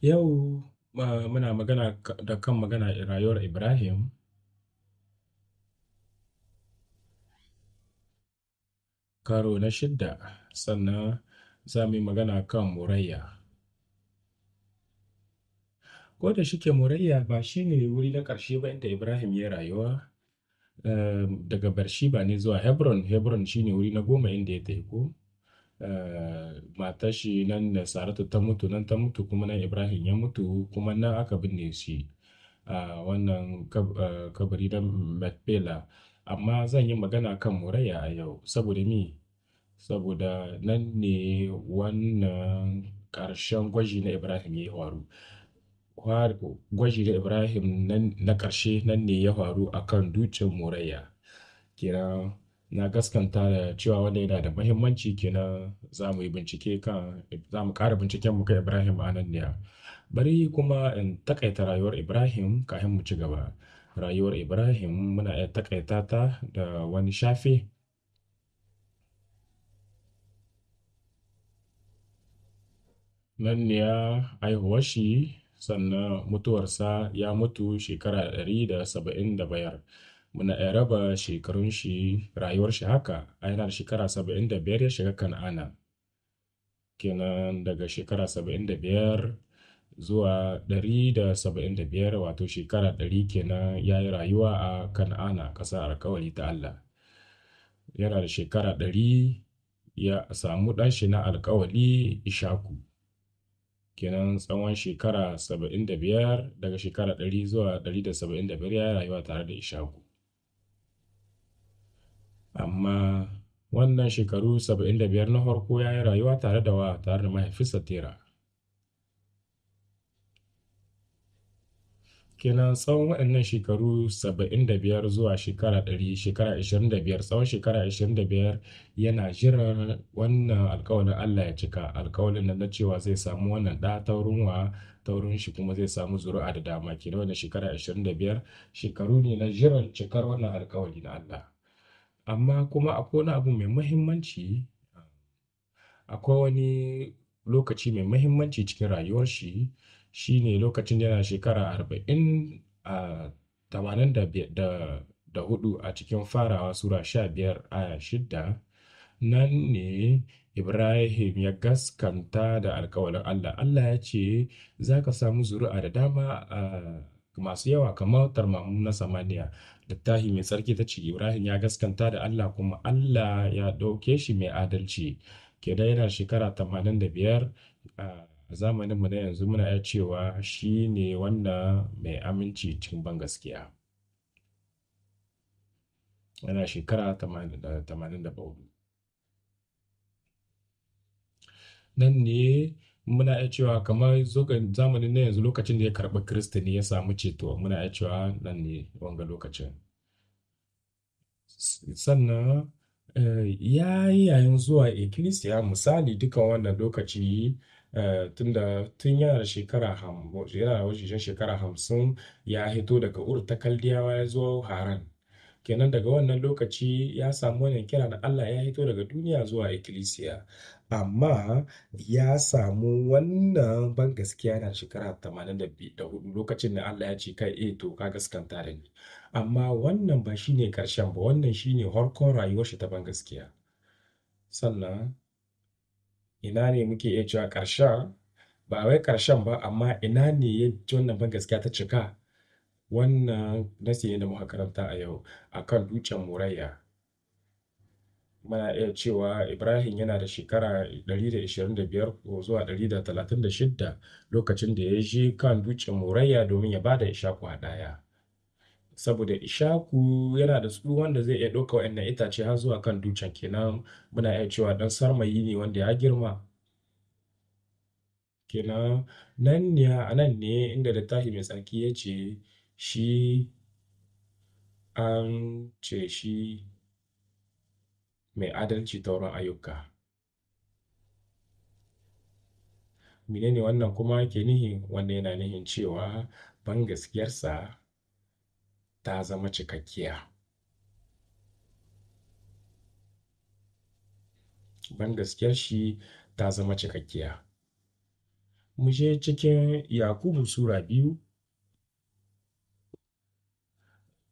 Yau, muna magana da kan magana rayuwar Ibrahim. Karo na shidda, sannan za mu yi magana kan murayya. Ko da shike Murayya ba shi ne wuri na ƙarshe ba inda Ibrahim ya yi rayuwa, eh, daga daga ba ne zuwa Hebron, Hebron shi ne wuri na goma inda ya tafi eh, matar shi nan da Saratu ta mutu nan ta mutu kuma nan Ibrahim ya mutu kuma nan aka binne shi a wannan eh, kabari na matbela amma zan yi magana kan Muraya a yau saboda mi saboda nan ne wannan ƙarshen gwaji na Ibrahim ya faru gwaji na Ibrahim na ƙarshe nan ne ya faru akan dutsen Muraya kira na gaskanta da cewa wanda yana da mahimmanci kenan za mu yi bincike kan za mu ƙara binciken mu kan Ibrahim Ananiya. Bari kuma in takaita rayuwar Ibrahim kafin mu ci gaba. Rayuwar Ibrahim muna iya takaita ta da wani shafe nan ne ya haihuwar shi sannan mutuwarsa ya mutu shekara ɗari da saba'in da bayar. muna ya raba shekarun shi rayuwar shi haka a yana da shekara saba'in da biyar ya shiga kan'ana kenan daga shekara saba'in da biyar zuwa ɗari da saba'in da biyar wato shekara ɗari kenan ya yi rayuwa a kan'ana ƙasar alkawari ta Allah yana da shekara ɗari ya samu ɗanshi na alkawali ishaku kenan tsawon shekara saba'in da biyar daga shekara ɗari zuwa da da saba'in biyar ya rayuwa tare da ishaku amma wannan shekaru 75 na farko ya yi rayuwa tare da wa tare da mahaifinsa tera kenan tsawon waɗannan shekaru 75 zuwa shekara 100 shekara 25 tsawon shekara 25 yana jiran wannan alkawalin Allah ya cika alkawalin nan na cewa zai samu wannan ɗa taurin wa taurin shi kuma zai samu zuri'a da dama kenan wannan shekara 25 shekaru ne na jiran cikar wannan alkawali na Allah Amma kuma akwai wani abu mai mahimmanci, akwai wani lokaci mai mahimmanci cikin rayuwar shi, shine lokacin yana shekara arba'in, a tamanin da biyar, a cikin farawa Sura sha biyar aya shidda. Nan ne Ibrahim ya gaskanta da alkawalin Allah. Allah ya ce, "Za ka samu zuri'a da dama a" masu yawa kamar tarmamu na samaniya littafi mai tsarki ta ce ibrahim ya gaskanta da allah kuma allah ya ɗauke shi mai adalci da yana shekara 85 a zamaninmu na yanzu muna iya cewa shi ne wanda mai aminci cikin ban gaskiya yana shekara 84 nan ne muna iya cewa kamar zamanin na yanzu lokacin da ya karɓi Kiristi ne ya samu ceto muna iya cewa nan ne wanga lokacin sannan eh, ya yi yayin zuwa ikilisiya misali dukan wannan lokaci eh, tunda tun yana shekara wajen shekara hamsin ya hito daga ur ta kaldiyawa ya zo haran kenan daga wannan lokaci ya samu wannan kira na Allah ya hito daga duniya zuwa ikkilisiya amma ya samu wannan ban gaskiya na shekara 84 lokacin da Allah ya ce kai eh to ka gaskanta da ni amma wannan ba shine karshen ba wannan shine harkon rayuwar shi ta ban gaskiya sannan ina ne muke iya cewa karshen ba wai karshen ba amma ina ne ya wannan ban gaskiya ta cika Wannan nasi ne da muka karanta a yau a kan dutsen murayya Muna iya cewa Ibrahim yana da shekara 125 zuwa 136 lokacin da ya je kan dutsen murayya domin ya bada Ishaku a hadaya. Saboda Ishaku yana da tsuwan wanda zai iya ɗauka wa'annan itace har zuwa kan dutsen kenan muna iya cewa ɗan sarmayi ne wanda ya girma. kenan nan ne a nan ne inda littafi mai tsarki ya ce shi an ce shi mai adalci ta wurin ayyuka. Mene ne wannan kuma ke nihin wanda yana nihin cewa ban gaskiyarsa ta zama cikakkiya. Ban gaskiyar shi ta zama cikakkiya. Mu je cikin Yakubu Sura biyu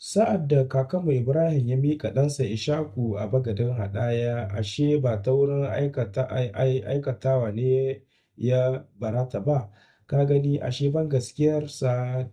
Sa'ad da kakanmu Ibrahim ya miƙa ɗansa Ishaku a bagadin haɗaya, ashe ba ta wurin aikatawa ne ya barata ba, ka gani ashe ban gaskiyarsa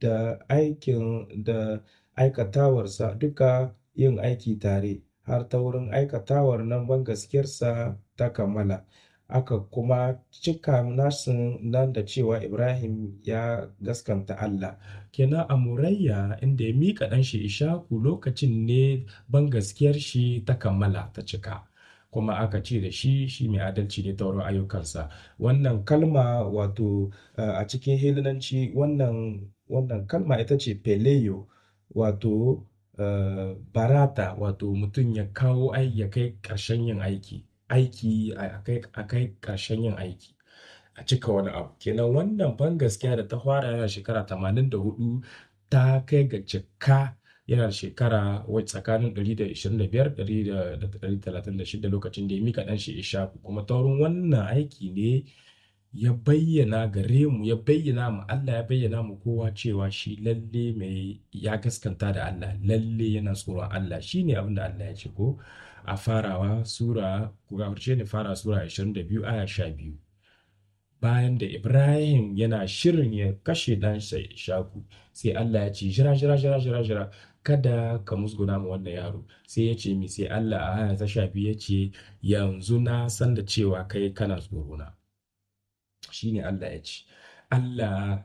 da aikin da aikatawarsa duka yin aiki tare, har ta wurin aikatawar nan ban gaskiyarsa ta kammala. aka kuma cika nasin nan da cewa Ibrahim ya gaskanta Allah. Kenan a murayya inda ya miƙa ɗan shi Ishaku lokacin ne ban gaskiyar shi ta kammala ta cika. kuma aka ce da shi shi mai adalci ne ta ayyukansa wannan kalma wato a cikin hilinanci wannan wannan kalma ita ce peleyo wato barata wato mutum ya kawo ai ya kai ƙarshen yin aiki aiki a kai ƙarshen yin aiki a cika wani abu kenan wannan ban gaskiya da ta fara yana shekara tamanin da hudu ta kai ga cika yana shekara tsakanin 125-136 lokacin da ya mika ɗan shi ishaku kuma taurin wannan aiki ne ya bayyana gare mu ya bayyana mu Allah ya bayyana mu kowa cewa shi lalle mai ya gaskanta da Allah lalle yana tsoron Allah shine abin da Allah ya ce ko a farawa Sura ku gafarce ni fara Sura 22 aya 12. Bayan da Ibrahim yana shirin ya kashe ɗansa Ishaku sai Allah ya ce jira jira jira jira jira kada ka musguna mu wannan yaro sai ya ce mi sai Allah a aya ta 12 ya ce yanzu na san da cewa kai kana tsorona. Shine Allah ya ce Allah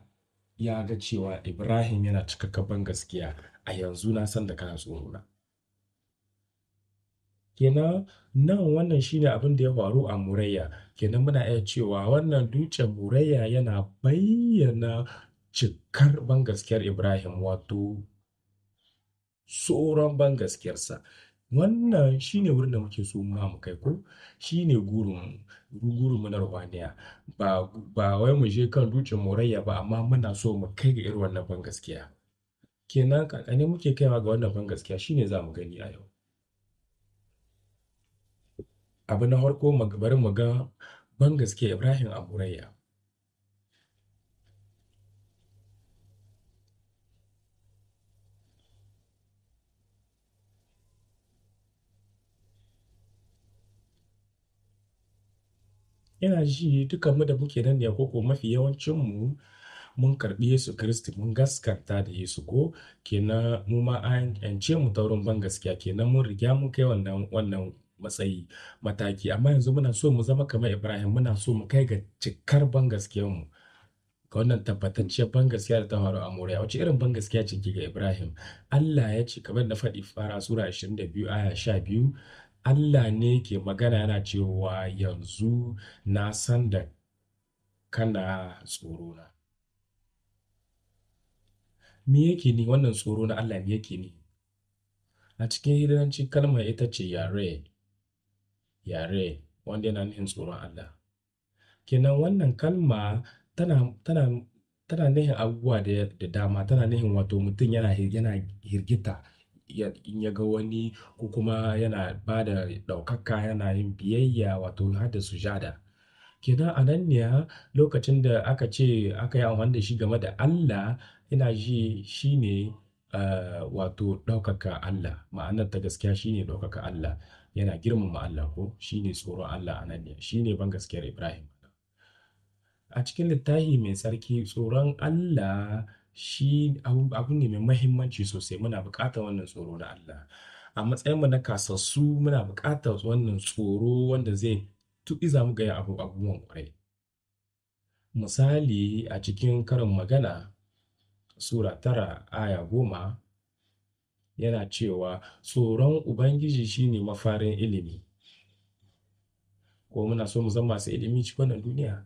ya ga cewa Ibrahim yana cika gaskiya a yanzu na san da kana tsorona. Kenan nan wannan shi ne abin da ya faru a Murayya. Kenan muna iya cewa wannan dutsen Murayya yana bayyana cikar bangaskiyar Ibrahim wato tsoron bangaskiyarsa. Wannan shi ne wurin da muke so ma mu kai ko shi ne gurinmu, mu na ruhaniya. Ba, ba wai mu je kan dutsen Murayya ba amma muna so mu kai ga irin wannan bangaskiya. Kenan ƙaƙane muke kaiwa ga wannan bangaskiya shi ne za mu gani a yau. Abu na harko bari mu ga ban gaske Ibrahim aburayya Ina ji mu da muke nan ne koko mafi yawancinmu mun karbi Yesu Kiristi mun gaskanta da Yesu ko kenan mu ma an yance mu taurin ban gaskiya kenan mun riga mu kai wannan matsayi mataki amma yanzu muna so mu zama kamar ibrahim muna so mu kai ga cikar ban mu ga wannan tabbatacciyar ban gaskiya da ta faru a moriya wace irin ban gaskiya ce ga ibrahim allah ya ce kamar na faɗi fara sura 22 aya 12 allah ne ke magana yana cewa yanzu na san da kana tsorona me yake ni wannan tsoro na allah me yake ni a cikin hidanci kalmar ita ce yare yare wanda yana nufin tsoron Allah. Kenan wannan kalma tana tana nufin abubuwa da, dama tana nufin wato mutum yana yana hirgita in ya ga wani ko kuma yana ba da ɗaukaka yana yin biyayya wato har da sujada. kenan a nan ne lokacin da aka ce aka yi amfani da shi game da Allah yana ji shi ne ah, wato ɗaukaka Allah ma'anar ta gaskiya shi ne ɗaukaka Allah yana girmama Allah ko shine tsoron Allah a nan ne shine ban gaskiyar Ibrahim a cikin littafi mai tsarki tsoron Allah shi abu ne mai mahimmanci sosai muna buƙatar wannan tsoro na Allah a matsayin mu na kasassu muna buƙatar wannan tsoro wanda zai za mu gaya abu abubuwan kwarai misali a cikin karin magana sura tara aya goma yana cewa tsoron Ubangiji shine mafarin ilimi. Ko muna so mu zama masu ilimi cikin wannan duniya?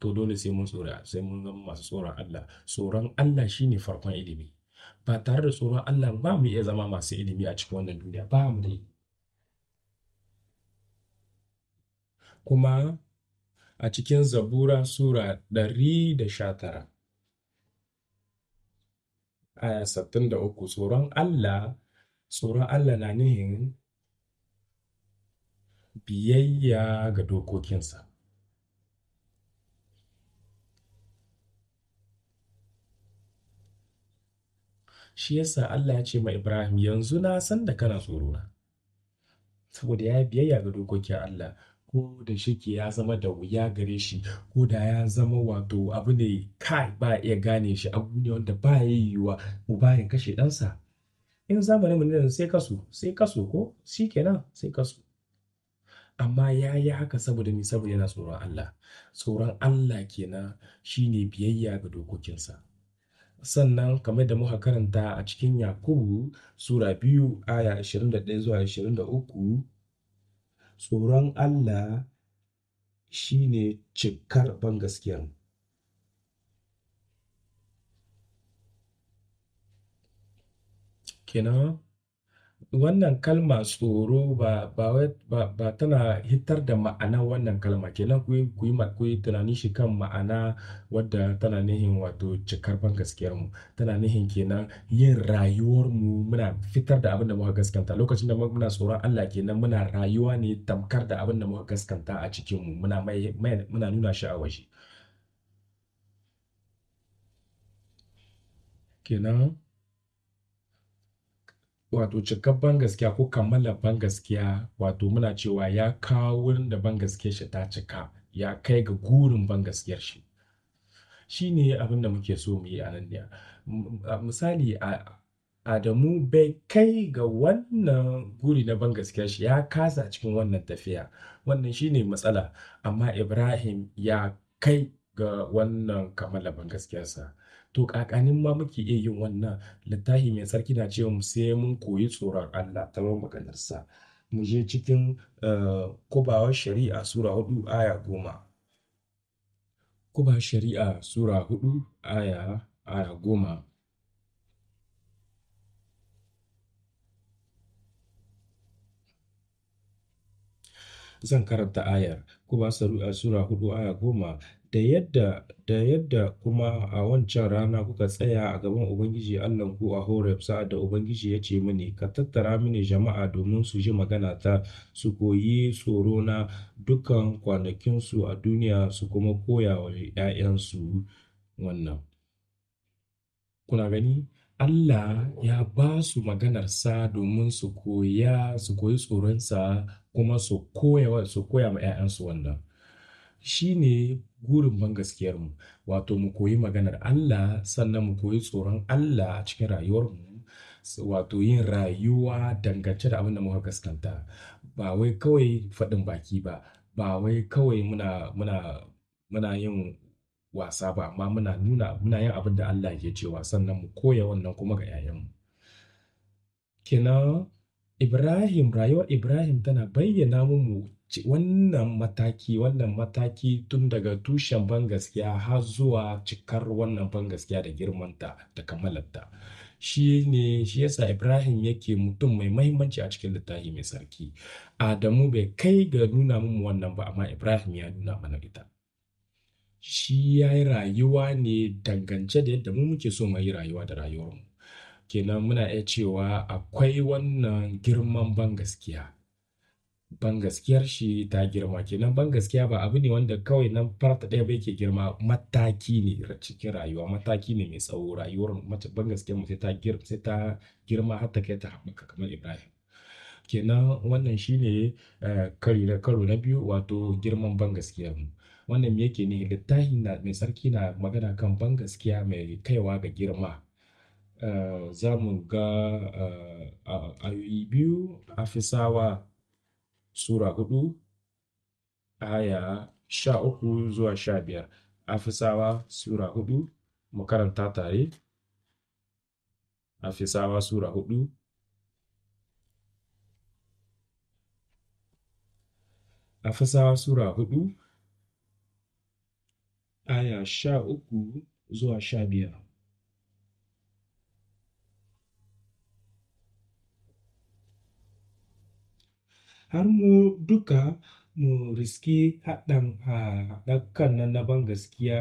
To dole sai mun tsora, sai mun zama masu tsoron Allah. Tsoron Allah shine farkon ilimi. Ba tare da tsoron Allah ba mu iya zama masu ilimi a cikin wannan duniya, ba mu dai. Kuma a cikin Zabura Sura ɗari da sha tara. aya sattin da uku tsoron Allah tsoron Allah na nihin biyayya ga dokokinsa shi yasa Allah ya ce ma Ibrahim yanzu na san da kana tsoro na saboda ya biyayya ga dokokin Allah ko da shi ke ya zama da wuya gare shi ko da ya zama wato abu ne kai ba iya gane shi abu ne wanda ba ya yiwuwa uba ya kashe ɗansa in zamani mu sai kaso sai kaso ko nan sai kaso amma ya yi haka saboda me saboda yana tsoron Allah tsoron Allah kenan shine biyayya ga dokokinsa sannan kamar da muka karanta a cikin Yakubu sura biyu aya 21 zuwa 23 tsoron Allah shi ne cikar bangaskiya. Kenan wannan kalma tsoro ba ba ba ba tana hitar da ma'ana wannan kalma kenan ku ku yi tunanin shi kan ma'ana wadda tana nihin wato cikar ban gaskiyar mu tana nihin kenan yin rayuwar mu muna fitar da abin da muka gaskanta lokacin da muna tsoron Allah kenan muna rayuwa ne tamkar da abin da muka gaskanta a cikin mu muna mai muna nuna shi a waje kenan Wato cikar gaskiya ko kammala ban gaskiya wato muna cewa ya kawo wurin da ban gaskiyar shi ta cika ya kai ga gurin gaskiyar shi. Shi ne abin da muke so mu yi a nan ne. Misali Adamu bai kai ga wannan guri na ban gaskiyar shi ya kasa cikin wannan tafiya. Wannan shi ne matsala. Amma Ibrahim ya kai ga wannan kammala gaskiyar bangaskiyarsa. to ƙaƙanin ma muke iya yin wannan littafi mai tsarki na cewa mu sai mun koyi tsoron Allah ta maganarsa mu je cikin eh, kubawar shari'a sura hudu aya goma kubawar shari'a sura hudu aya goma zan karanta ayar kuma sura hudu aya goma da yadda da yadda kuma a wancan rana kuka tsaya a gaban ubangiji allahnku a horeb sa'ad da ubangiji ya ce mini ka tattara mini jama'a domin su ji magana ta su koyi tsoro na dukkan kwanakinsu a duniya su kuma koya wa 'ya'yansu wannan kuna gani Allah ya ba su maganarsa domin su koya su koyi tsoronsa kuma su koya su koya ma 'ya'yansu wannan shi ne gurin ban gaskiyarmu wato mu koyi maganar Allah sannan mu koyi tsoron Allah a cikin rayuwarmu wato yin rayuwa dangance da abin da muka gaskanta ba wai kawai faɗin baki ba ba wai kawai muna yin wasa ba amma muna nuna muna yin abin da Allah ke cewa sannan mu koya wannan kuma ga 'ya'yanmu kenan Ibrahim rayuwar Ibrahim tana bayyana mu wannan mataki wannan mataki tun daga tushen ban gaskiya har zuwa cikar wannan ban gaskiya da girmanta da kammalarta shi ne shi yasa Ibrahim yake mutum mai mahimmanci a cikin littafi mai sarki Adamu bai kai ga nuna mu wannan ba amma Ibrahim ya nuna mana ita shi ya yi rayuwa ne dangance da yadda mu muke so mu yi rayuwa da rayuwarmu kenan muna iya cewa akwai wannan girman ban gaskiya ban gaskiyar shi ta girma kenan ban gaskiya ba abu ne wanda kawai nan farta ɗaya bai ke girma mataki ne cikin rayuwa mataki ne mai tsawo rayuwar mace ban gaskiyar mu sai ta girma har ta kai ta haɓaka kamar Ibrahim kenan wannan shine eh, karo na biyu wato girman ban gaskiyar mu Wannan me yake ne littafi na mai tsarki na magana kan ban gaskiya mai kaiwa ga girma. Eh, za mu ga uh, ayoyi biyu Afisawa Sura hudu aya sha uku zuwa sha biyar. Afisawa Sura hudu mu karanta tare. Afisawa Sura hudu Afisawa Sura hudu aya sha uku zuwa sha biyar. Har mu duka mu riski haɗin haɗakan nan na ban gaskiya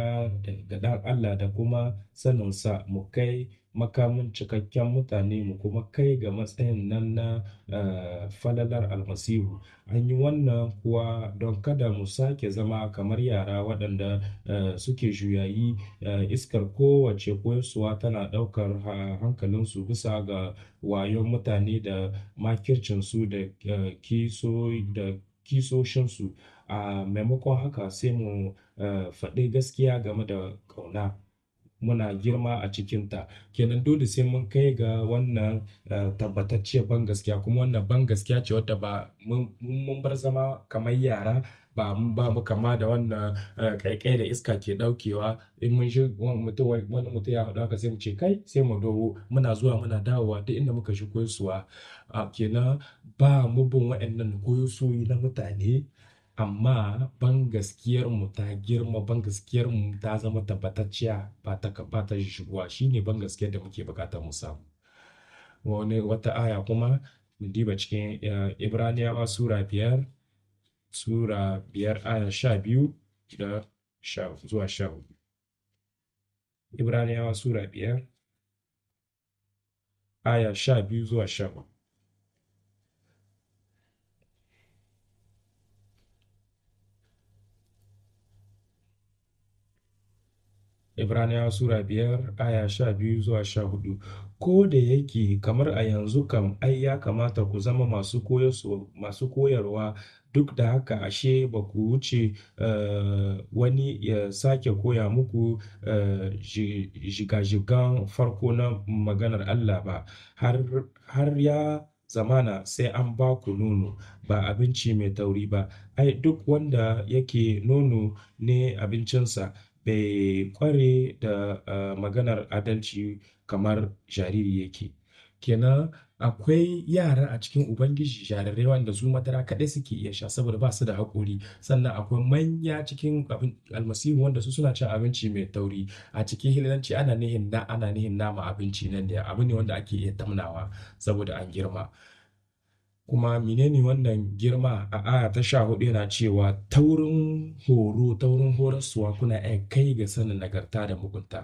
da ɗan Allah da kuma saninsa mu kai makamin cikakken mutane mu kuma kai ga matsayin nan na eh, falalar almasihu an yi wannan kuwa don kada mu sake zama kamar yara waɗanda eh, suke juyayi eh, iskar kowace koyarsuwa tana ɗaukar hankalinsu bisa ga wayon mutane da makircinsu da kisoshinsu a maimakon haka sai mu faɗi gaskiya game da ƙauna muna girma a cikinta kenan dole sai mun kai ga wannan eh, tabbatacciyar ban gaskiya kuma wannan ban gaskiya ce wadda ba mun bar zama kamar yara ba ba mu kama da wannan kaikai eh, da iska ke daukewa in mun shi wani mutum ya haɗu haka sai mu ce kai sai mu dogo muna zuwa muna dawowa duk inda muka shi koyosuwa ah, kenan ba mu bin waɗannan koyosoyi na mutane amma ban gaskiyar mu ta girma ban gaskiyar mu ta zama tabbatacciya ba ta ba ta shigowa shine ban gaskiyar da muke bukatar mu samu wani wata aya kuma mu diba cikin eh, Ibraniyawa sura biyar sura biyar aya sha biyu da sha zuwa sha hudu Ibraniyawa sura biyar aya sha biyu zuwa sha hudu Ibraniyawa Sura biyar aya sha biyu zuwa sha hudu. Ko da yake kamar a yanzu kam ai ya kamata ku zama masu koyarwa duk da haka ashe ba ku wuce eh, wani ya sake koya muku shiga eh, jigajigan farko na maganar Allah ba har, har ya zamana sai an ba ku nono ba abinci mai tauri ba ai duk wanda yake nono ne abincinsa bai kware da eh, maganar adalci kamar jariri yake. Kenan akwai yara a cikin Ubangiji jarirai wanda su madara kaɗai suke iya sha saboda ba su da haƙuri, sannan akwai manya cikin almasihu wanda su suna cin abinci mai tauri a cikin hilalanci ana nihin na nama abinci nan da abu ne wanda ake iya tamnawa saboda an girma. kuma menene wannan girma a aya ta sha hudu yana cewa taurin horo taurin horaswa kuna iya kai ga sanin nagarta da mugunta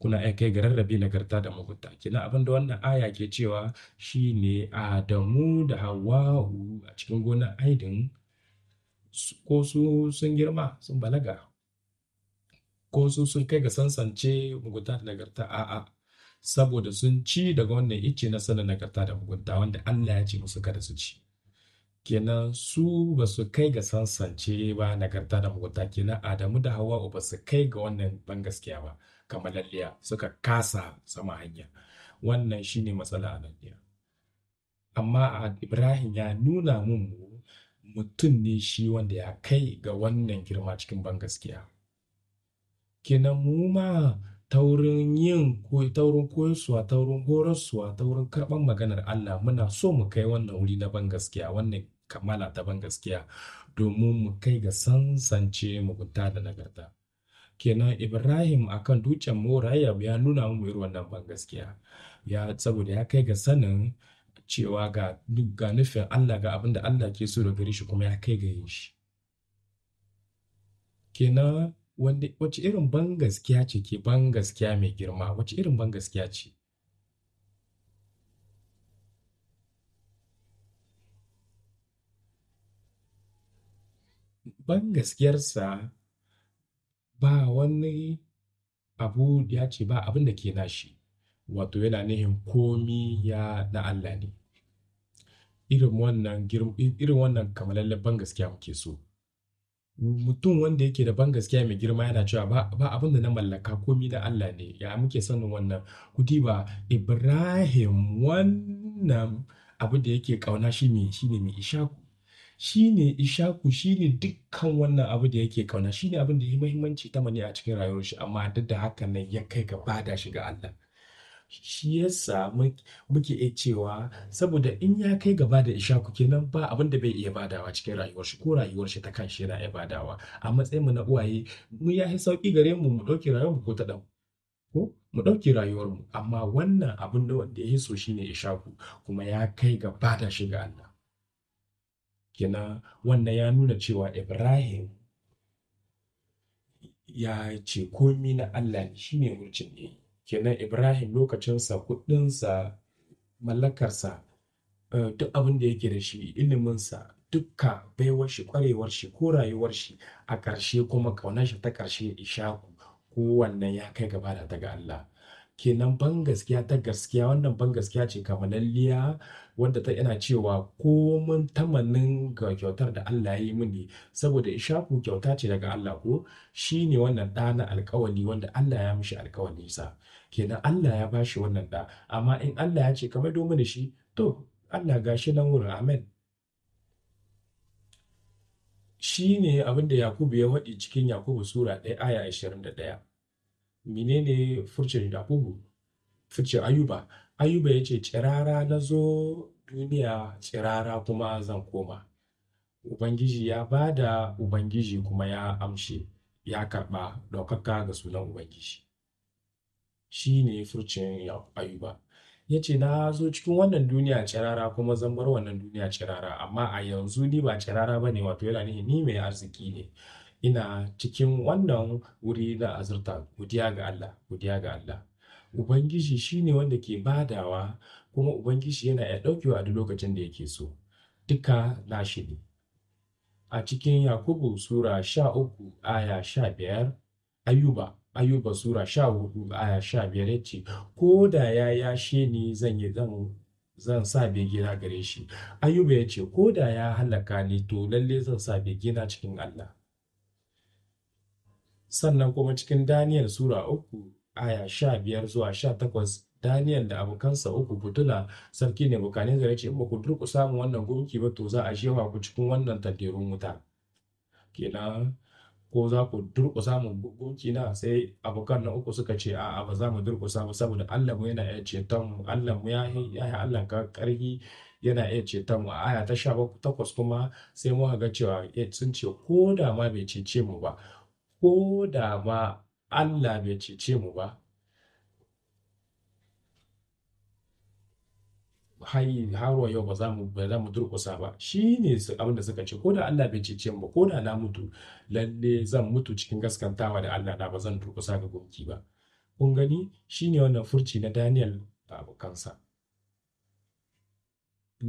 kuna iya kai ga rarrabe nagarta da mugunta kina abin da wannan aya ke cewa shine adamu da hawa'u a cikin gonar aidin ko su sun girma sun balaga ko su sun kai ga sansance mugunta da nagarta a'a saboda sun ci daga wannan icce na sanin nagarta da mugunta wanda Allah ya ce musu kada su ci kenan su ba su kai ga sansance ba nagarta da mugunta kenan Adamu da Hawwa ba su kai ga wannan ban gaskiya ba kamar lalliya suka kasa sama hanya wannan shine matsala a lalliya amma Ibrahim ya nuna mun mutum ne shi wanda ya kai ga wannan girma cikin ban gaskiya kenan mu ma ta wurin yin ta wurin koyarsuwa ta wurin ta wurin karɓar maganar Allah muna so mu kai wannan wuri na ban gaskiya wannan kammala ta ban gaskiya domin mu kai ga sansance mugunta da nagarta kenan Ibrahim akan dutsen Morayab ya nuna mu irin wannan ban gaskiya ya saboda ya kai ga sanin cewa ga ga nufin Allah ga abin da Allah ke so da gare shi kuma ya kai ga yin shi kenan wacce irin ban gaskiya ce ke ban gaskiya mai girma wacce irin ban gaskiya ce ban gaskiyarsa ba wani abu da ya ce ba abin da ke nashi wato yana nihin komi ya na Allah ne irin wannan irin wannan kamalallen ban gaskiya muke so mutum wanda yake da ban gaskiya mai girma yana cewa ba abin da na mallaka komi da Allah ne ya muke sanin wannan kuti ba Ibrahim wannan abu da yake kauna shi ne shine mai ishaku shine ishaku ne dukkan wannan abu da yake kauna Shi ne abin da ya muhimmanci ta mani a cikin rayuwar shi amma duk da hakan nan ya kai ga bada shiga Allah shi yasa muke iya cewa saboda in ya kai gaba da ishaku kenan ba abin da bai iya badawa cikin rayuwar shi ko rayuwar shi ta kan shi yana iya badawa a matsayin mu na uwaye mu ya yi sauki gare mu mu ɗauki rayuwar mu ko ta ɗan ko mu ɗauki rayuwar mu amma wannan abin da wanda ya yi so shi ne ishaku kuma ya kai gaba da shi ga Allah Kina wannan ya nuna cewa Ibrahim ya ce komi na Allah ne shine wurcin ne kenan Ibrahim lokacinsa kuɗinsa mallakarsa eh, duk abin da yake da shi iliminsa dukka baiwar shi kwarewar shi ko rayuwar shi a ƙarshe kuma ƙaunar shi ta ƙarshe ishaku Ko wannan ya kai gaba da ta Allah kenan ban gaskiya ta gaskiya wannan ban gaskiya ce kamalalliya wanda ta yana cewa komin tamanin ga kyautar da Allah ya yi mini saboda ishaku kyauta ce daga Allah ko shine wannan ɗa na wanda Allah ya mishi alkawalinsa sa kenan Allah ya bashi wannan da amma in Allah ya ce kamar domin shi to Allah ga shi nan wurin amen shi ne abinda Yakubu ya waɗi cikin Yakubu Sura ɗaya. aya 21. Menene furcin Yakubu? Furcin Ayuba. Ayuba ya ce, Cirara na zo duniya, cirara kuma zan koma. Ubangiji ya ba da Ubangiji kuma ya amshe, ya karɓa ɗaukaka ga sunan Ubangiji. Shi ne furcin Ayuba. Ya ce, Na zo cikin wannan duniya cirara kuma zan bar wannan duniya cirara, amma a yanzu ni ba cirara ba ne, wato yana nihi ni mai arziki ne. Ina cikin wannan wuri na azurta, godiya ga Allah, godiya ga Allah. Ubangiji shi ne wanda ke badawa, kuma Ubangiji yana ya ɗaukewa a lokacin da yake so. Duka nashi ne. A cikin Yakubu Sura sha uku aya sha biyar, Ayuba Ayuba Sura sha hudu aya sha biyar ya ce, Ko da ya yashe ni zan yi zan zan sa begina gare shi. Ayuba ya ce, Ko da ya halaka ni to lalle zan sa begina cikin Allah. Sannan kuma cikin Daniel Sura uku aya sha biyar zuwa sha takwas Daniel da abokansa uku fitula sarki ne bukanin zai ce ba ku durƙusa mu wannan gunki ba to za a shewa ku cikin wannan tanderun wuta. Kenan ko za ku durƙusa mu gunki na sai abokan na uku suka ce a'a ba za mu durƙusa ba saboda Allah mu yana iya ceton mu Allah mu ya yi Allah ka ƙarhi yana iya ceton mu aya ta takwas kuma sai mu ga cewa eh, sun ce ko da ma bai cece mu ba ko da ma Allah bai cece mu ba har wa yau ba za mu durkusa ba shi ne abin suka ce ko da Allah bai cece mu ba ko da na mutu lalle zan mutu cikin gaskantawa da Allah na ba zan durkusa ga gunki ba kun gani shine wannan furci na Daniel da kansa.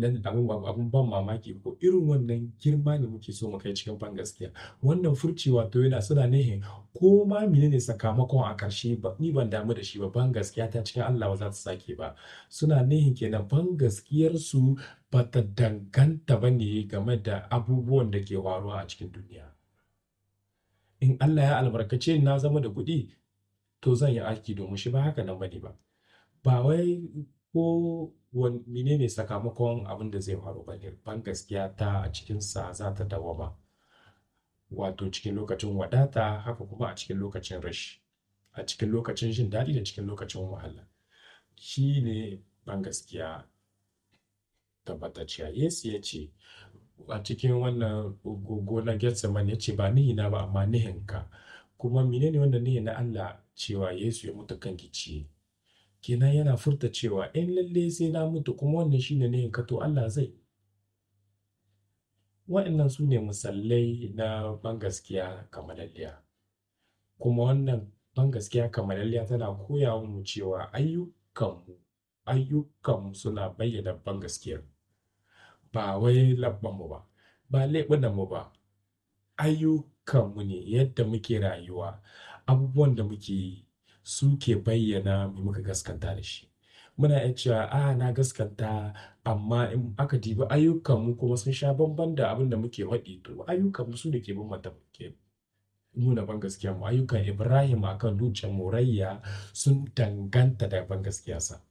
abin ban mamaki ko irin wannan girma ne muke so mu kai cikin ban gaskiya wannan furci wato yana suna nihin ko ma ne sakamakon a ƙarshe ni ban damu da shi ba ban gaskiya ta cikin Allah ba za ta sake ba suna nehe kenan ban gaskiyar su ba ta danganta ba ne game da abubuwan da ke waruwa a cikin duniya in Allah ya albarkace na zama da kuɗi to zan yi aiki domin shi ba haka nan ne ba ba wai ko menene sakamakon abin da zai faru ba ban gaskiya ta a cikinsa za ta dawama wato cikin lokacin wadata haka kuma a cikin lokacin rashi a cikin lokacin jin daɗi da cikin lokacin wahala shi ne ban gaskiya tabbatacciya yesu ya ce a cikin wannan gonar getsaman ya ce ba nihina ba amma nihinka kuma menene wannan nihin na allah cewa yesu ya mutu kan gici kenan yana furta cewa in lalle sai na mutu kuma wannan shine ne ka to Allah zai wa'annan su ne musallai na bangaskiya kamalalliya kuma wannan bangaskiya kamalalliya tana koya mu cewa ayyukanmu ayyukanmu suna bayyana bangaskiyar ba wai labbanmu ba ba mu ba ayyukanmu ne yadda muke rayuwa abubuwan da muke yi su ke bayyana mu muka gaskanta da shi muna iya cewa a na gaskanta amma in aka dibi ayyukan mu kuma sun sha bamban da abin da muke waɗi to ayyukan mu su da ke bambanta ke nuna ban gaskiya mu ayyukan Ibrahim akan dutsen Murayya sun danganta da ban gaskiya sa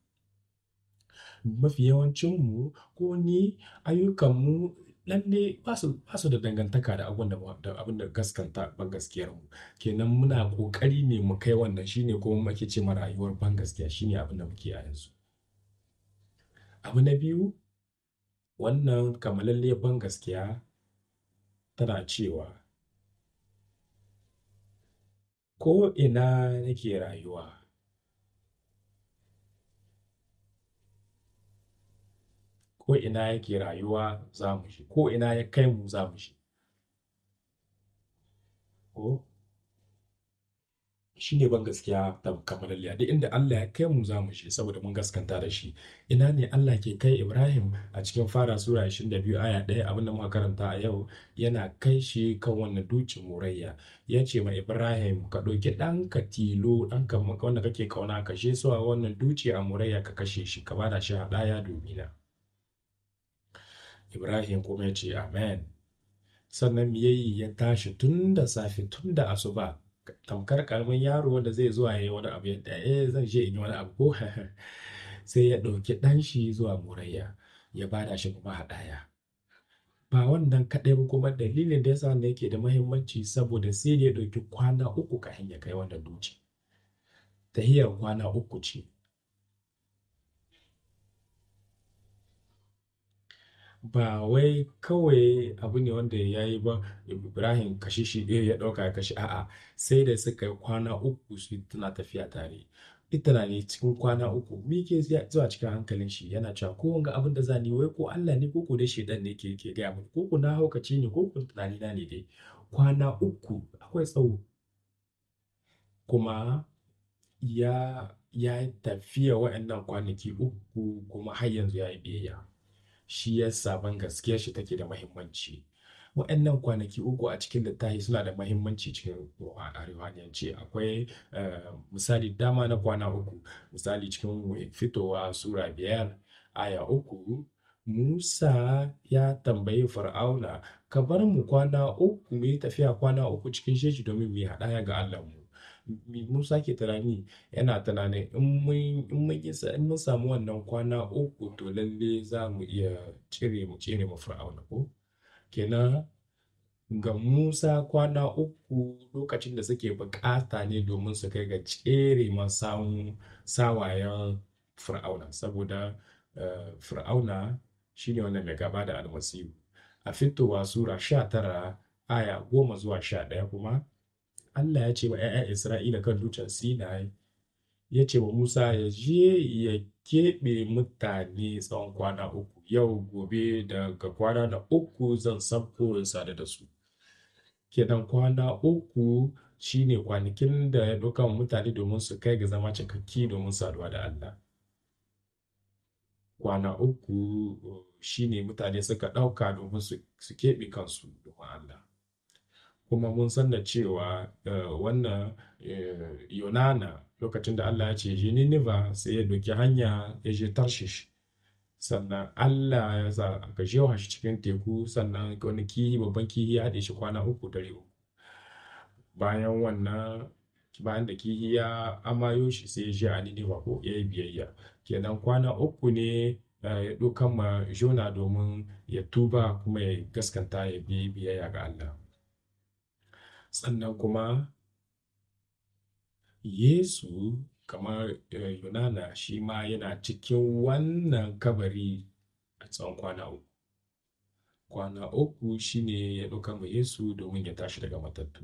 mafi yawancin mu ko ni ayyukan mu lalle ba su da dangantaka da abin da gaskanta ban gaskiyar mu kenan muna kokari ne mu kai wannan shine kuma muke ce rayuwar ban gaskiya shine abin da muke a yanzu abu na biyu wannan kamalalle ban gaskiya tana cewa ko ina nake rayuwa ko ina yake rayuwa za mu shi ko ina ya kai mu za mu shi ko shi ne ban gaskiya ta kamalalliya duk inda Allah ya kai mu za mu shi saboda mun gaskanta da shi ina ne Allah ke kai Ibrahim a cikin fara sura 22 aya 1 abinda muka karanta a yau yana kai shi kan wannan dukin murayya ya ce ma Ibrahim ka ɗauki ɗanka tilo ɗanka wanda kake kauna kashe su a wannan duci a murayya ka kashe shi ka bada shi haɗaya domina. Ibrahim kuma ya ce Amen. Sannan miyayi ya tashi tun da safe tun da asuba tamkar karamin yaro wanda zai zuwa ya yi wani abu yadda eh zan je in yi wani abu ko sai ya ɗauki ɗan shi zuwa murayya ya ba da shi kuma haɗaya. Ba wannan kaɗai ba kuma dalilin da yasa ne yake da muhimmanci saboda sai ya ɗauki kwana uku kafin ya kai wannan duci. Tahiyar kwana uku ce ba wai kawai abu ne wanda ya yi ba ibrahim kashe shi ɗaya eh, ya ɗauka ya kashe a'a sai da suka kwana uku su tana tafiya tare ita na ne cikin kwana uku me ke zuwa cikin hankalin shi yana cewa ko wanga abin da za ni wai ko Allah ne ko ko dai shedan ne ke ke gaya min ko ko na haukace ne ko ko tunani na ne dai kwana uku akwai tsawo kuma ya ya tafiya wa'annan kwanaki uku kuma har yanzu ya yi biyayya shi ya sabon gaskiyar shi take da mahimmanci waɗannan kwanaki uku a cikin littafi suna da mahimmanci cikin ruhaniyanci akwai eh, misali dama na kwana uku misali cikin fitowa sura biyar aya uku Musa ya tambayi Fir'auna, ka bar mu kwana uku mu yi tafiya kwana uku cikin sheji domin mu yi haɗaya ga Allahnmu. Musa ke tunani yana tunani in mun in mun samu wannan kwana uku to lalle za mu iya cire mu cire mu fir'auna ko kenan ga Musa kwana uku lokacin da suke bukata ne domin su kai ga cire ma samun sawayen fir'auna saboda eh, fir'auna shine wannan mai gaba da almasihu a fitowa sura sha tara aya goma zuwa sha ɗaya kuma Allah ya ce wa ‘ya'yan Isra'ila kan dutsen Sinai, ya ce wa Musa ya je ya keɓe mutane tsawon kwana uku, yau gobe daga kwana na uku zan sabko in sadu da su. Kenan kwana uku shine kwanakin da ya ɗauka mutane domin su kai ga zama cikakki domin saduwa da Allah. Kwana uku shine mutane suka ɗauka domin su keɓe kansu domin Allah. kuma mun san da cewa eh, wannan eh, yonana lokacin da Allah ya ce je ba sai ya doki hanya ya je Tarshish sannan Allah ya sa aka wa shi cikin teku sannan wani kihi babban kihi ya haɗe shi kwana uku dare uku bayan wannan bayan da kihi ya amayo shi sai ya je a ba ko ya yi biyayya kenan kwana uku ne eh, ya ɗaukan ma Jona domin ya tuba kuma ya gaskanta ya bi biyayya ga Allah sannan kuma Yesu kamar eh, Yunana shi ma yana cikin wannan kabari a tsawon kwana uku. Kwana uku shi ya ɗauka ma Yesu domin ya tashi daga matattu.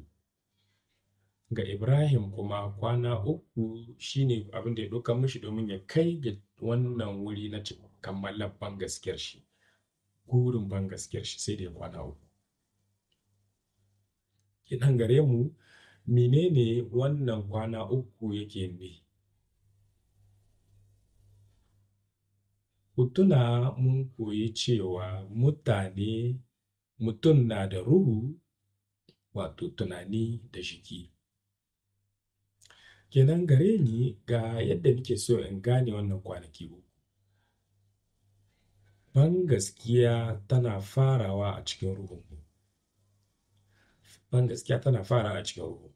Ga Ibrahim kuma kwana uku shi abin da ya ɗauka mishi domin ya kai ga wannan wuri na kammalar ban gaskiyar shi, gurin ban shi sai da ya kwana uku. Kinan gare mu menene wannan kwana uku yake ne ku tuna mun koyi cewa mutane mutum na da ruhu wato tunani da shiki kenan gare ni ga yadda nake so in gane wannan kwanaki uku ban gaskiya tana farawa a cikin ruhunmu don gaskiya tana fara a cikin ruhu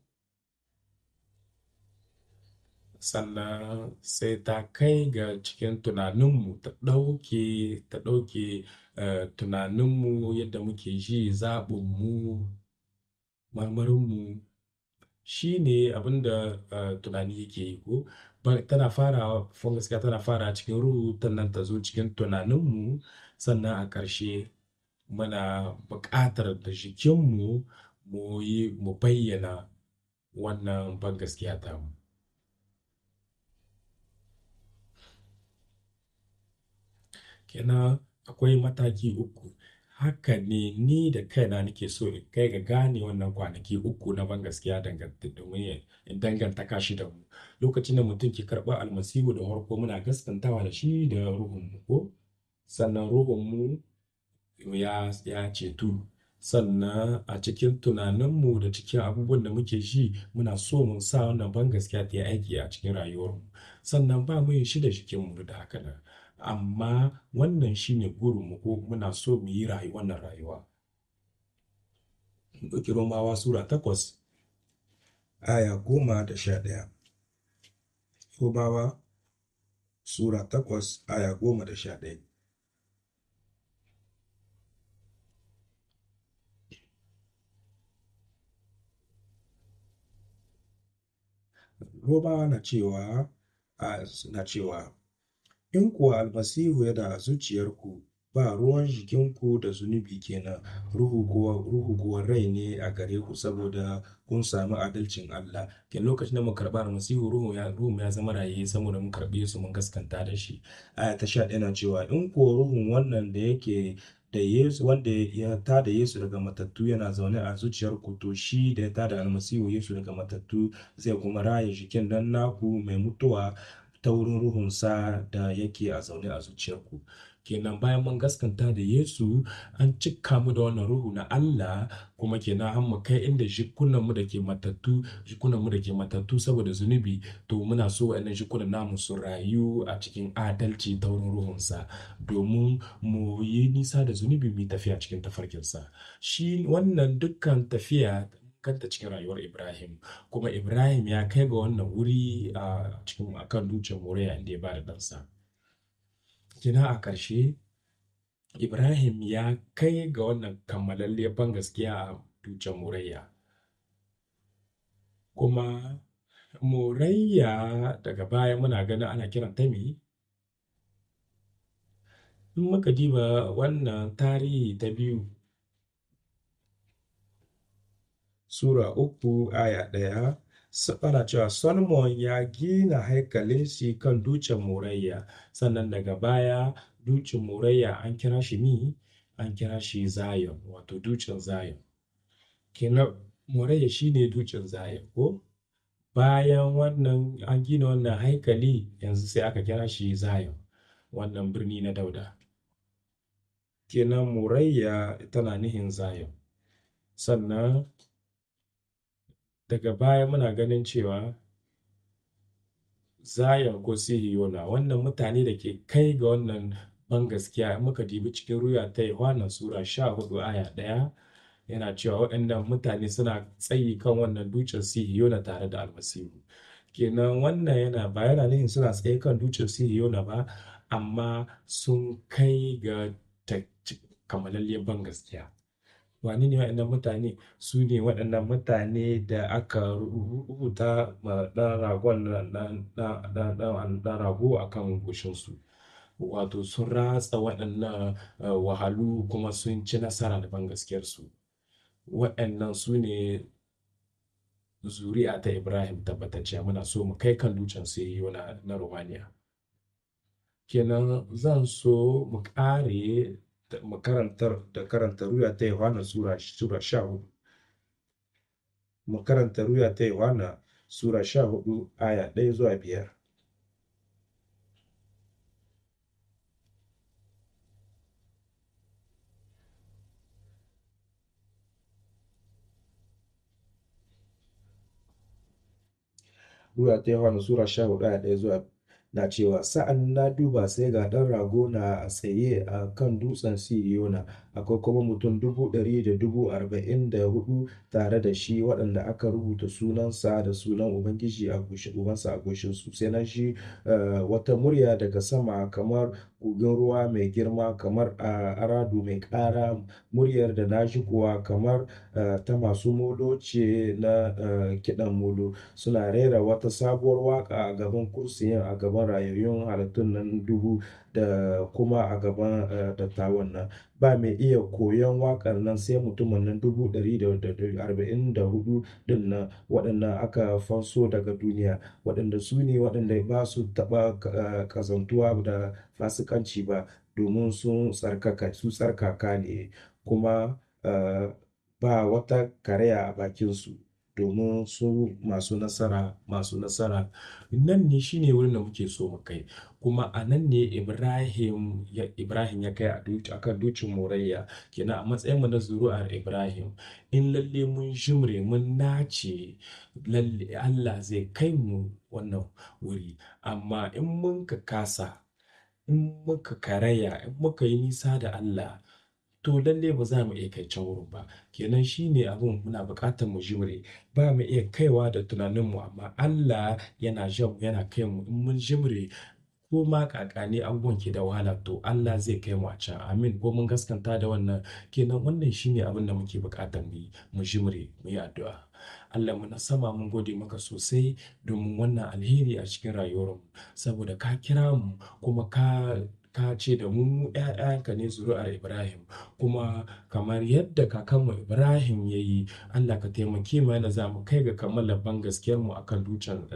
sannan sai ta kai ga cikin tunaninmu ta ɗauke ta ɗauke eh, tunaninmu yadda muke ji zaɓinmu marmarinmu shi ne abinda eh, tunani yake yi ko tana fara fon gaskiya tana fara cikin ruhu tannan ta zo cikin tunaninmu sannan a ƙarshe muna buƙatar da jikinmu mu yi mu bayyana wannan ban gaskiya ta mu kenan akwai mataki uku haka ne ni da kaina nake so in kai ga gane wannan kwanaki uku na ban gaskiya in dangantaka shi da mu lokacin da mutum ke karɓar almasihu da harko muna gaskantawa da shi da ruhun mu ko sannan ruhun mu ya ceto sannan a cikin tunaninmu da cikin abubuwan da muke shi muna so mu sa wannan ban gaskiya ta yi aiki a cikin rayuwarmu sannan ba mu yin shi da da haka nan amma wannan shi ne gurinmu ko muna so mu yi wannan rayuwa ɗauki romawa sura takwas aya goma da sha ɗaya romawa sura takwas aya goma da sha ɗaya roba na cewa na cewa in kuwa almasihu yana zuciyarku ba ruwan jikinku da zunubi kenan ruhu kuwa ruhu kuwa rai ne a gare ku saboda kun samu adalcin Allah ke lokacin da mu karba almasihu ruhu ya ruhu ya zama raye saboda mun karbe su mun gaskanta da shi aya ta 11 na cewa in kuwa ruhun wannan da yake da Yesu wanda ya tada Yesu daga matattu yana zaune a zuciyar ku to shi da ya tada almasihu Yesu daga matattu zai kuma raye jikin dan naku mai mutuwa ta wurin ruhunsa da yake a zaune a zuciyar ku kenan bayan mun gaskanta da Yesu an cika mu da wannan ruhu na Allah kuma kenan an mu kai inda jikunan mu da ke matattu jikunan mu da ke matattu saboda zunubi to muna so nan jikunan namu su rayu a cikin adalci ta wurin ruhunsa domin mu yi nisa da zunubi mu tafiya cikin tafarkinsa shi wannan dukkan tafiya kanta cikin rayuwar Ibrahim kuma Ibrahim ya kai ga wannan wuri a cikin akan dutsen Moriya inda ya ba da ɗansa. bincikena a ƙarshe Ibrahim ya kai ga wannan kammalalle ban gaskiya a dutsen murayya. Kuma murayya daga baya muna ganin ana kiran ta me? In muka diba wannan tarihi ta biyu, Sura uku aya ɗaya ana cewa solomon ya gina haikali shi kan dutsen murayya sannan daga baya dutsen murayya an kira shi mi an kira shi zion wato dutsen zion kina murayya shine dutsen zion ko bayan wannan an gina wannan haikali yanzu sai aka kira shi zion wannan birni na dauda Kina murayya tana nihin zion sannan daga baya muna ganin cewa Zion ko Sihiyona wannan mutane da ke kai ga wannan ban in muka dibi cikin ruya ta Yohana Sura sha hudu aya ɗaya yana cewa waɗannan mutane suna tsayi kan wannan dutsen Sihiyona tare da almasihu. Kenan wannan yana ba yana nufin suna tsaye kan dutsen Sihiyona ba amma sun kai ga kamalalliyar gaskiya. wani ne waɗannan mutane? Su ne waɗannan mutane da aka rubuta ma ɗan ragon rago a kan goshinsu. Wato sun ratsa waɗannan eh, wahalu kuma sun ci nasara da bangaskiyarsu. Waɗannan su ne zuri'a ta Ibrahim tabbatacce muna so mu kai kan dutsen yi na Romaniya. Kenan zan so mu ƙare makarantar da karanta ruya ta Yohana Sura sura sha hudu. karanta ruya ta Yohana Sura sha hudu aya ɗaya zuwa biyar. Ruya ta Yohana Sura sha hudu aya ɗaya zuwa na cewa sa'an na duba sai ga ɗan rago na a tsaye a kan dutsen sihiyona e akwai kuma mutum dubu ɗari da dubu arba'in da hudu tare da shi waɗanda aka rubuta sunansa da sunan ubangiji a ubansa a su sai na shi eh, wata murya daga sama kamar kogin ruwa mai girma kamar a eh, aradu mai ƙara muryar da na ji kuwa kamar eh, ta masu molo ce na kiɗan molo suna rera wata sabuwar waƙa a gaban kursiyin a gaban gaban rayayyun halittun nan dubu da kuma a gaban eh, dattawan nan ba mai iya koyon wakar nan sai mutumin nan dubu ɗari da arba'in da hudu din nan waɗanda aka fanso daga duniya waɗanda su ne waɗanda ba su taɓa kazantuwa eh, da fasikanci ba domin sun tsarkaka su tsarkaka ne kuma eh, ba wata karaya a bakinsu domin su masu nasara masu nasara nan ne shine wurin da muke so mu kai kuma a nan ne ibrahim ya kai a kan dukin morayya kenan a matsayin mu na a ibrahim in lalle mun jimre mun nace lalle allah zai kai mu wannan wuri amma in mun ka kasa in muka karaya in muka yi nisa da allah to lalle ba za mu iya kai can wurin ba kenan shine abin muna bukatar mu jimre ba mu iya kaiwa da tunanin mu amma Allah yana jan yana kai mu in mun jimre ko ma kakane abubuwan ke da wahala to Allah zai kai mu a can amin ko mun gaskanta da wannan kenan wannan shine abin da muke bukatar mu mu jimre mu yi addu'a Allah mu na sama mun gode maka sosai domin wannan alheri a cikin rayuwar mu saboda ka kira mu kuma ka ka ce da mu mu ne zuri'ar Ibrahim kuma kamar yadda kakanmu Ibrahim ya yi Allah ka taimake mu yadda za mu kai ga kamar ban gaskiyar mu akan ducan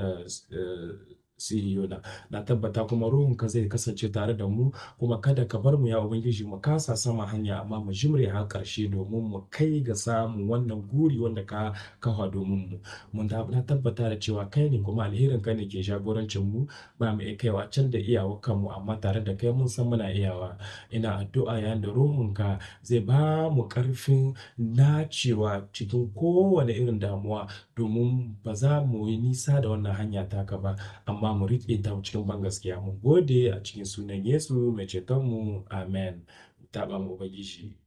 CEO na na tabbata kuma ruhunka zai kasance tare da mu kuma kada ka bar mu ya ubangiji mu kasa sama hanya amma mu jimre har karshe domin mu kai ga samun wannan guri wanda ka kafa domin mu mun na tabbata da cewa kai ne kuma alherin ka ne ke jagorancin mu ba mu kaiwa can da iyawa kanmu amma tare da kai mun san muna iyawa ina addu'a yayin da ruhunka zai ba mu karfin nacewa cikin kowane irin damuwa domin ba za mu yi nisa da wannan hanya taka ba amma mu riƙe ta cikin ban gaskiya mun gode a cikin sunan yesu mai ceton mu amen taɓa mu ubangiji